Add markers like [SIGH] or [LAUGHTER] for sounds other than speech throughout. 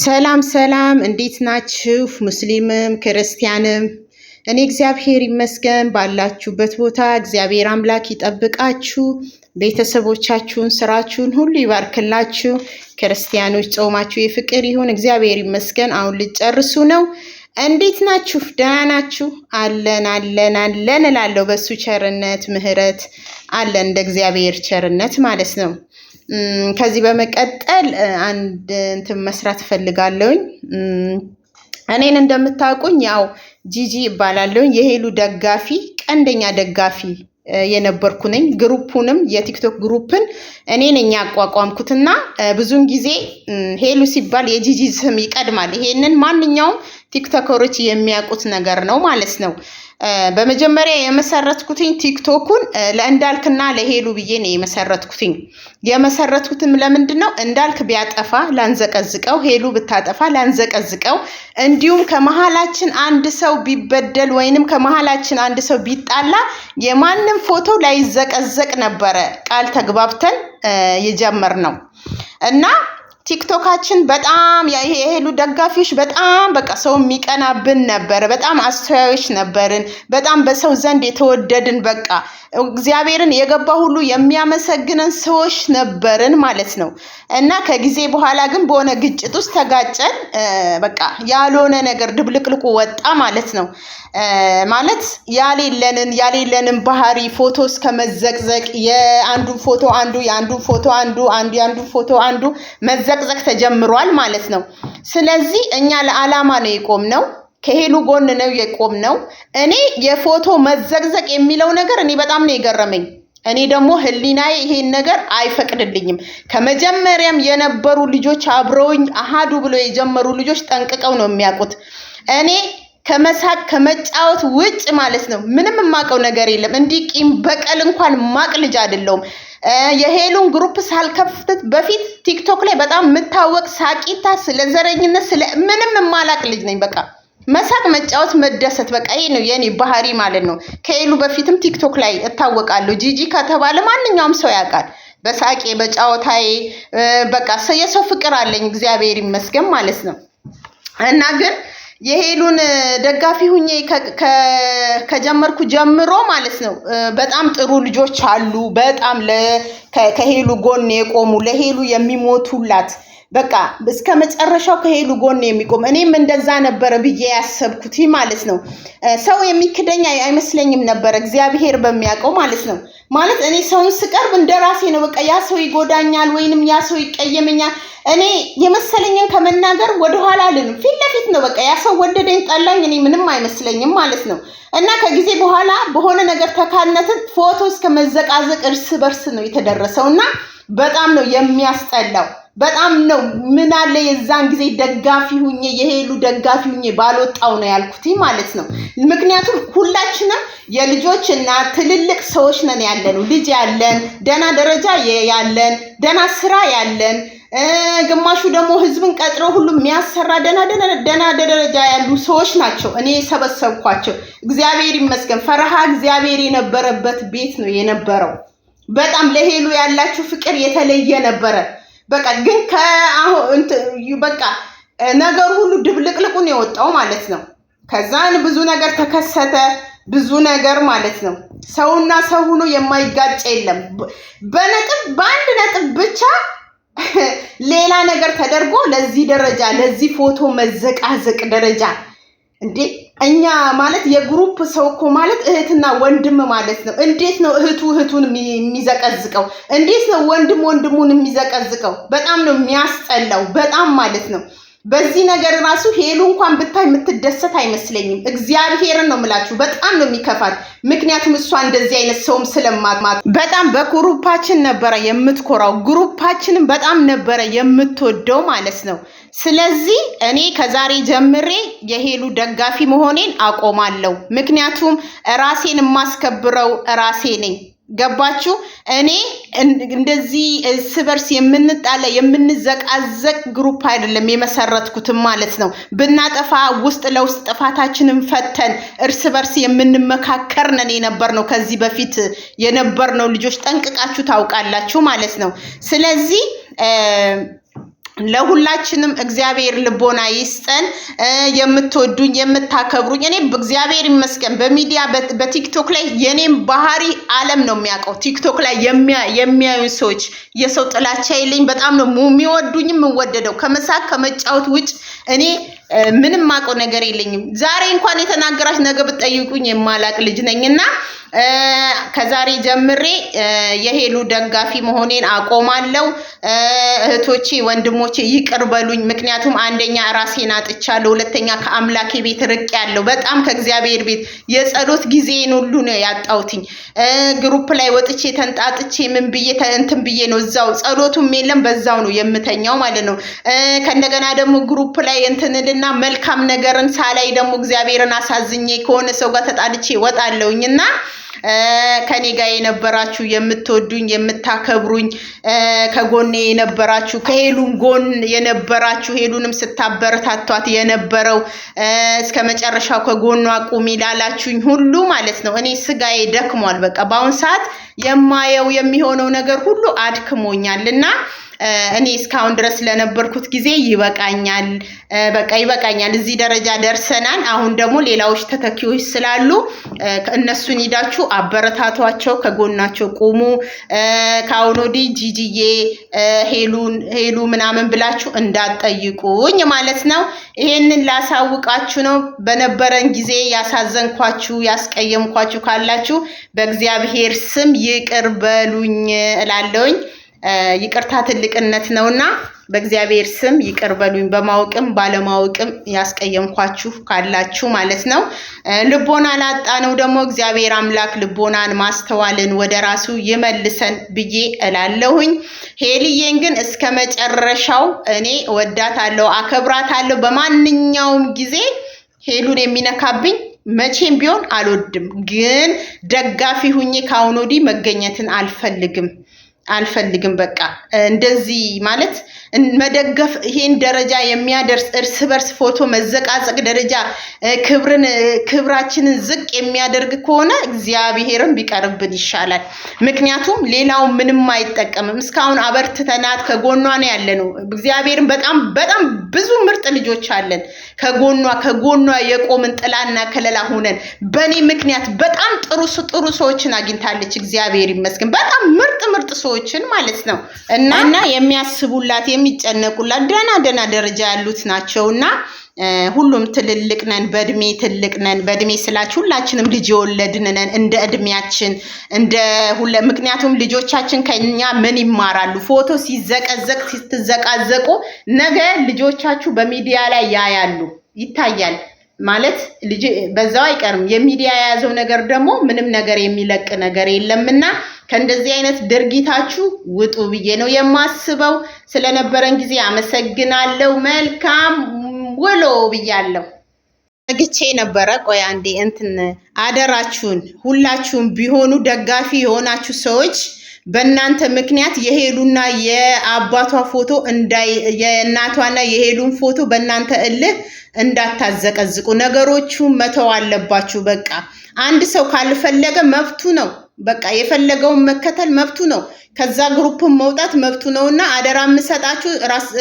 ሰላም ሰላም፣ እንዴት ናችሁ? ሙስሊምም ክርስቲያንም እኔ እግዚአብሔር ይመስገን ባላችሁበት ቦታ እግዚአብሔር አምላክ ይጠብቃችሁ፣ ቤተሰቦቻችሁን፣ ስራችሁን ሁሉ ይባርክላችሁ። ክርስቲያኖች ጾማችሁ የፍቅር ይሁን። እግዚአብሔር ይመስገን አሁን ልጨርሱ ነው። እንዴት ናችሁ? ደህና ናችሁ? አለን አለን አለን እላለሁ። በሱ ቸርነት ምህረት አለን እንደ እግዚአብሔር ቸርነት ማለት ነው። ከዚህ በመቀጠል አንድ እንትን መስራት እፈልጋለሁኝ። እኔን እንደምታውቁኝ ያው ጂጂ ይባላለሁኝ የሄሉ ደጋፊ ቀንደኛ ደጋፊ የነበርኩ ነኝ። ግሩፑንም የቲክቶክ ግሩፕን እኔ ነኝ ያቋቋምኩትና ብዙውን ጊዜ ሄሉ ሲባል የጂጂ ስም ይቀድማል። ይሄንን ማንኛውም ቲክቶከሮች የሚያውቁት ነገር ነው ማለት ነው። በመጀመሪያ የመሰረትኩትኝ ቲክቶኩን ለእንዳልክና ለሄሉ ብዬ ነው የመሰረትኩትኝ። የመሰረትኩትም ለምንድን ነው? እንዳልክ ቢያጠፋ ላንዘቀዝቀው፣ ሄሉ ብታጠፋ ላንዘቀዝቀው፣ እንዲሁም ከመሀላችን አንድ ሰው ቢበደል ወይንም ከመሀላችን አንድ ሰው ቢጣላ የማንም ፎቶ ላይዘቀዘቅ ነበረ ቃል ተግባብተን የጀመር ነው እና ቲክቶካችን በጣም የሄሉ ደጋፊዎች በጣም በቃ ሰው የሚቀናብን ነበረ። በጣም አስተዋዮች ነበርን። በጣም በሰው ዘንድ የተወደድን በቃ እግዚአብሔርን የገባ ሁሉ የሚያመሰግነን ሰዎች ነበርን ማለት ነው እና ከጊዜ በኋላ ግን በሆነ ግጭት ውስጥ ተጋጨን። በቃ ያልሆነ ነገር ድብልቅልቁ ወጣ ማለት ነው። ማለት ያሌለንን ያሌለንን ባህሪ ፎቶ እስከ መዘቅዘቅ የአንዱ ፎቶ አንዱ የአንዱ ፎቶ አንዱ አንዱ የአንዱ ፎቶ አንዱ መዘ መዘቅዘቅ ተጀምሯል ማለት ነው። ስለዚህ እኛ ለዓላማ ነው የቆምነው፣ ከሄሉ ጎን ነው የቆምነው። እኔ የፎቶ መዘቅዘቅ የሚለው ነገር እኔ በጣም ነው የገረመኝ። እኔ ደግሞ ህሊናዬ ይሄን ነገር አይፈቅድልኝም። ከመጀመሪያም የነበሩ ልጆች አብረውኝ አሃዱ ብሎ የጀመሩ ልጆች ጠንቅቀው ነው የሚያውቁት። እኔ ከመሳቅ ከመጫወት ውጭ ማለት ነው ምንም የማውቀው ነገር የለም። እንዲህ ቂም በቀል እንኳን ማቅ ልጅ አይደለሁም። የሄሉን ግሩፕ ሳልከፍትት በፊት ቲክቶክ ላይ በጣም የምታወቅ ሳቂታ፣ ስለ ዘረኝነት ስለ ምንም የማላቅ ልጅ ነኝ። በቃ መሳቅ፣ መጫወት፣ መደሰት በቃ ይሄ ነው የኔ ባህሪ ማለት ነው። ከሄሉ በፊትም ቲክቶክ ላይ እታወቃለሁ። ጂጂ ከተባለ ማንኛውም ሰው ያውቃል። በሳቄ በጫወታዬ በቃ የሰው ፍቅር አለኝ እግዚአብሔር ይመስገን ማለት ነው እና ግን የሄሉን ደጋፊ ሁኜ ከጀመርኩ ጀምሮ ማለት ነው። በጣም ጥሩ ልጆች አሉ። በጣም ከሄሉ ጎን የቆሙ ለሄሉ የሚሞቱላት በቃ እስከ መጨረሻው ከሄሉ ጎን የሚቆም እኔም እንደዛ ነበረ ብዬ ያሰብኩት ማለት ነው። ሰው የሚክደኝ አይመስለኝም ነበረ እግዚአብሔር በሚያውቀው ማለት ነው። ማለት እኔ ሰውን ስቀርብ እንደ ራሴ ነው። በቃ ያ ሰው ይጎዳኛል ወይንም ያ ሰው ይቀየመኛል። እኔ የመሰለኝን ከመናገር ወደኋላ አልንም። ፊት ለፊት ነው በቃ ያ ሰው ወደደኝ ጠላኝ፣ እኔ ምንም አይመስለኝም ማለት ነው። እና ከጊዜ በኋላ በሆነ ነገር ተካነትን ፎቶ እስከ መዘቃዘቅ እርስ በርስ ነው የተደረሰው እና በጣም ነው የሚያስጠላው። በጣም ነው ምን አለ የዛን ጊዜ ደጋፊ ሁኜ የሄሉ ደጋፊ ሁኜ ባልወጣው ነው ያልኩት ማለት ነው። ምክንያቱም ሁላችንም የልጆች እና ትልልቅ ሰዎች ነን ያለነው ልጅ ያለን ደና ደረጃ ያለን ደና ስራ ያለን ግማሹ ደግሞ ህዝብን ቀጥሮ ሁሉ የሚያሰራ ደና ደና ደረጃ ያሉ ሰዎች ናቸው። እኔ የሰበሰብኳቸው እግዚአብሔር ይመስገን ፈረሃ እግዚአብሔር የነበረበት ቤት ነው የነበረው። በጣም ለሄሉ ያላችሁ ፍቅር የተለየ ነበረ። በቃ ግን ከአሁን በቃ ነገር ሁሉ ድብልቅልቁን የወጣው ማለት ነው። ከዛን ብዙ ነገር ተከሰተ፣ ብዙ ነገር ማለት ነው። ሰውና ሰው ሆኖ የማይጋጭ የለም። በነጥብ በአንድ ነጥብ ብቻ [LAUGHS] ሌላ ነገር ተደርጎ ለዚህ ደረጃ ለዚህ ፎቶ መዘቃዘቅ ደረጃ እንዴ እኛ ማለት የግሩፕ ሰው እኮ ማለት እህትና ወንድም ማለት ነው። እንዴት ነው እህቱ እህቱን የሚዘቀዝቀው? እንዴት ነው ወንድም ወንድሙን የሚዘቀዝቀው? በጣም ነው የሚያስጠላው፣ በጣም ማለት ነው። በዚህ ነገር ራሱ ሄሉ እንኳን ብታይ የምትደሰት አይመስለኝም። እግዚአብሔርን ነው የምላችሁ፣ በጣም ነው የሚከፋት። ምክንያቱም እሷ እንደዚህ አይነት ሰውም ስለማማት በጣም በግሩፓችን ነበረ የምትኮራው፣ ግሩፓችንም በጣም ነበረ የምትወደው ማለት ነው። ስለዚህ እኔ ከዛሬ ጀምሬ የሄሉ ደጋፊ መሆኔን አቆማለሁ። ምክንያቱም ራሴን የማስከብረው ራሴ ነኝ። ገባችሁ? እኔ እንደዚህ እርስ በርስ የምንጣለ የምንዘቃዘቅ ግሩፕ አይደለም የመሰረትኩትም ማለት ነው። ብናጠፋ ውስጥ ለውስጥ ጥፋታችንን ፈተን እርስ በርስ የምንመካከር ነን የነበር ነው። ከዚህ በፊት የነበር ነው ልጆች ጠንቅቃችሁ ታውቃላችሁ ማለት ነው። ስለዚህ ለሁላችንም እግዚአብሔር ልቦና ይስጠን። የምትወዱኝ የምታከብሩኝ፣ እኔ እግዚአብሔር ይመስገን በሚዲያ በቲክቶክ ላይ የኔም ባህሪ ዓለም ነው የሚያውቀው። ቲክቶክ ላይ የሚያዩ ሰዎች የሰው ጥላቻ የለኝ። በጣም ነው የሚወዱኝ የምወደደው። ከመሳቅ ከመጫወት ውጭ እኔ ምንም ማውቀው ነገር የለኝም። ዛሬ እንኳን የተናገራች ነገ ብትጠይቁኝ የማላቅ ልጅ ነኝና ከዛሬ ጀምሬ የሄሉ ደጋፊ መሆኔን አቆማለሁ። እህቶቼ፣ ወንድሞቼ ይቅር በሉኝ። ምክንያቱም አንደኛ ራሴን አጥቻለሁ፣ ሁለተኛ ከአምላኬ ቤት ርቅ ያለው በጣም ከእግዚአብሔር ቤት የጸሎት ጊዜን ሁሉ ነው ያጣውትኝ። ግሩፕ ላይ ወጥቼ ተንጣጥቼ ምን ብዬ እንትን ብዬ ነው እዛው ጸሎቱም የለም በዛው ነው የምተኛው ማለት ነው። ከእንደገና ደግሞ ግሩፕ ላይ እንትንልና እና መልካም ነገርን ሳላይ ደግሞ እግዚአብሔርን አሳዝኜ ከሆነ ሰው ጋር ተጣልቼ እወጣለሁኝ እና ከኔ ጋር የነበራችሁ የምትወዱኝ የምታከብሩኝ ከጎኔ የነበራችሁ ከሄሉን ጎን የነበራችሁ ሄሉንም ስታበረታቷት የነበረው እስከ መጨረሻው ከጎኗ ቁሚ ላላችሁኝ ሁሉ ማለት ነው። እኔ ስጋዬ ደክሟል። በቃ በአሁን ሰዓት የማየው የሚሆነው ነገር ሁሉ አድክሞኛል እና እኔ እስካሁን ድረስ ለነበርኩት ጊዜ ይበቃኛል፣ በቃ ይበቃኛል፣ እዚህ ደረጃ ደርሰናል። አሁን ደግሞ ሌላዎች ተተኪዎች ስላሉ እነሱን ሂዳችሁ አበረታቷቸው፣ ከጎናቸው ቁሙ። ከአሁን ወዲህ ጂጂዬ ሄሉ ምናምን ብላችሁ እንዳትጠይቁኝ ማለት ነው። ይሄንን ላሳውቃችሁ ነው። በነበረን ጊዜ ያሳዘንኳችሁ፣ ያስቀየምኳችሁ ካላችሁ በእግዚአብሔር ስም ይቅር በሉኝ እላለሁኝ። ይቅርታ ትልቅነት ነውና በእግዚአብሔር ስም ይቅር በሉኝ። በማወቅም ባለማወቅም ያስቀየምኳችሁ ካላችሁ ማለት ነው። ልቦና ላጣ ነው ደግሞ እግዚአብሔር አምላክ ልቦናን ማስተዋልን ወደ ራሱ ይመልሰን ብዬ እላለሁኝ። ሄልዬን ግን እስከ መጨረሻው እኔ ወዳታለሁ፣ አከብራታለሁ። በማንኛውም ጊዜ ሄሉን የሚነካብኝ መቼም ቢሆን አልወድም። ግን ደጋፊ ሁኜ ከአሁን ወዲህ መገኘትን አልፈልግም። አልፈልግም በቃ እንደዚህ ማለት መደገፍ ይሄን ደረጃ የሚያደርስ እርስ በርስ ፎቶ መዘቃዘቅ ደረጃ ክብርን ክብራችንን ዝቅ የሚያደርግ ከሆነ እግዚአብሔርን ቢቀርብን ይሻላል። ምክንያቱም ሌላው ምንም አይጠቀምም። እስካሁን አበርትተናት ከጎኗ ነው ያለ ነው። እግዚአብሔርን በጣም በጣም ብዙ ምርጥ ልጆች አለን ከጎኗ ከጎኗ የቆምን ጥላና ከለላ ሆነን በእኔ ምክንያት በጣም ጥሩ ጥሩ ሰዎችን አግኝታለች። እግዚአብሔር ይመስገን። በጣም ምርጥ ምርጥ ሰዎች ሰዎችን ማለት ነው እና እና የሚያስቡላት የሚጨነቁላት ደህና ደህና ደረጃ ያሉት ናቸው እና ሁሉም ትልልቅ ነን፣ በእድሜ ትልቅ ነን። በእድሜ ስላች ሁላችንም ልጅ የወለድን ነን እንደ እድሜያችን እንደ ሁለ ምክንያቱም ልጆቻችን ከኛ ምን ይማራሉ? ፎቶ ሲዘቀዘቅ ስትዘቃዘቁ ነገ ልጆቻችሁ በሚዲያ ላይ ያያሉ፣ ይታያል ማለት ልጅ በዛው አይቀርም። የሚዲያ የያዘው ነገር ደግሞ ምንም ነገር የሚለቅ ነገር የለምና ከእንደዚህ አይነት ድርጊታችሁ ውጡ ብዬ ነው የማስበው። ስለነበረን ጊዜ አመሰግናለሁ። መልካም ውሎ ብያለሁ። ነግቼ ነበረ። ቆይ አንዴ እንትን አደራችሁን፣ ሁላችሁም ቢሆኑ ደጋፊ የሆናችሁ ሰዎች በእናንተ ምክንያት የሄሉና የአባቷ ፎቶ እንዳይ የእናቷና የሄሉን ፎቶ በእናንተ እልህ እንዳታዘቀዝቁ። ነገሮቹ መተው አለባችሁ። በቃ አንድ ሰው ካልፈለገ መብቱ ነው። በቃ የፈለገውን መከተል መብቱ ነው። ከዛ ግሩፕን መውጣት መብቱ ነው እና አደራ የምሰጣችሁ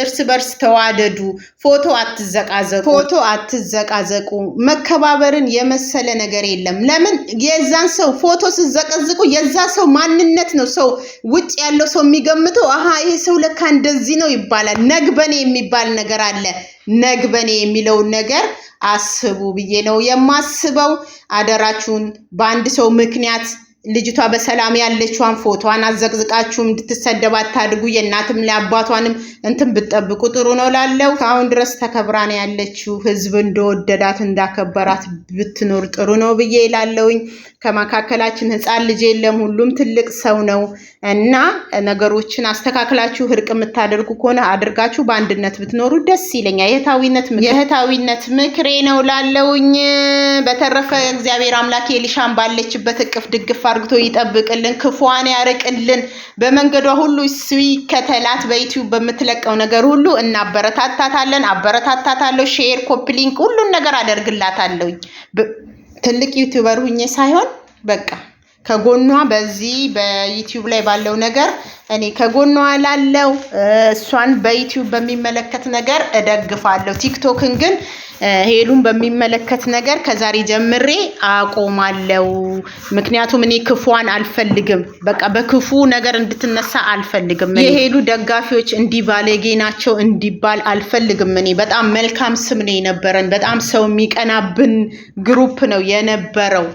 እርስ በርስ ተዋደዱ። ፎቶ አትዘቃዘቁ፣ ፎቶ አትዘቃዘቁ። መከባበርን የመሰለ ነገር የለም። ለምን የዛን ሰው ፎቶ ስዘቀዝቁ የዛ ሰው ማንነት ነው ሰው ውጭ ያለው ሰው የሚገምተው። አሀ ይሄ ሰው ለካ እንደዚህ ነው ይባላል። ነግበኔ የሚባል ነገር አለ። ነግበኔ የሚለውን ነገር አስቡ ብዬ ነው የማስበው። አደራችሁን በአንድ ሰው ምክንያት ልጅቷ በሰላም ያለችዋን ፎቶዋን አዘቅዝቃችሁ እንድትሰደብ አታድጉ። የእናትም ለአባቷንም እንትን ብጠብቁ ጥሩ ነው ላለው ከአሁን ድረስ ተከብራ ነው ያለችው። ህዝብ እንደወደዳት እንዳከበራት ብትኖር ጥሩ ነው ብዬ ላለውኝ ከመካከላችን ህፃን ልጅ የለም፣ ሁሉም ትልቅ ሰው ነው እና ነገሮችን አስተካክላችሁ እርቅ የምታደርጉ ከሆነ አድርጋችሁ በአንድነት ብትኖሩ ደስ ይለኛል። የእህታዊነት የእህታዊነት ምክሬ ነው ላለውኝ። በተረፈ እግዚአብሔር አምላክ ኤሊሻን ባለችበት እቅፍ ድግፍ አድርግቶ ይጠብቅልን፣ ክፉዋን ያርቅልን፣ በመንገዷ ሁሉ ከተላት በዩቲዩብ በምትለቀው ነገር ሁሉ እናበረታታታለን፣ አበረታታታለሁ። ሼር ኮፕሊንክ ሁሉን ነገር አደርግላታለሁኝ። ትልቅ ዩቲዩበር ሁኜ ሳይሆን በቃ ከጎኗ በዚህ በዩቲዩብ ላይ ባለው ነገር እኔ ከጎኗ ላለው እሷን በዩቲዩብ በሚመለከት ነገር እደግፋለሁ። ቲክቶክን ግን ሄሉን በሚመለከት ነገር ከዛሬ ጀምሬ አቆማለሁ። ምክንያቱም እኔ ክፉዋን አልፈልግም። በቃ በክፉ ነገር እንድትነሳ አልፈልግም። የሄሉ ደጋፊዎች እንዲህ ባለጌ ናቸው እንዲባል አልፈልግም። እኔ በጣም መልካም ስም ነው የነበረን። በጣም ሰው የሚቀናብን ግሩፕ ነው የነበረው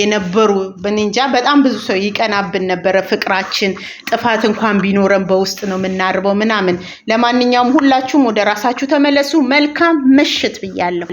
የነበሩ ብንእንጃ በጣም ብዙ ሰው ይቀናብን ነበረ። ፍቅራችን ጥፋት እንኳን ቢኖረን በውስጥ ነው የምናርበው ምናምን። ለማንኛውም ሁላችሁም ወደ ራሳችሁ ተመለሱ። መልካም ምሽት ብያለሁ።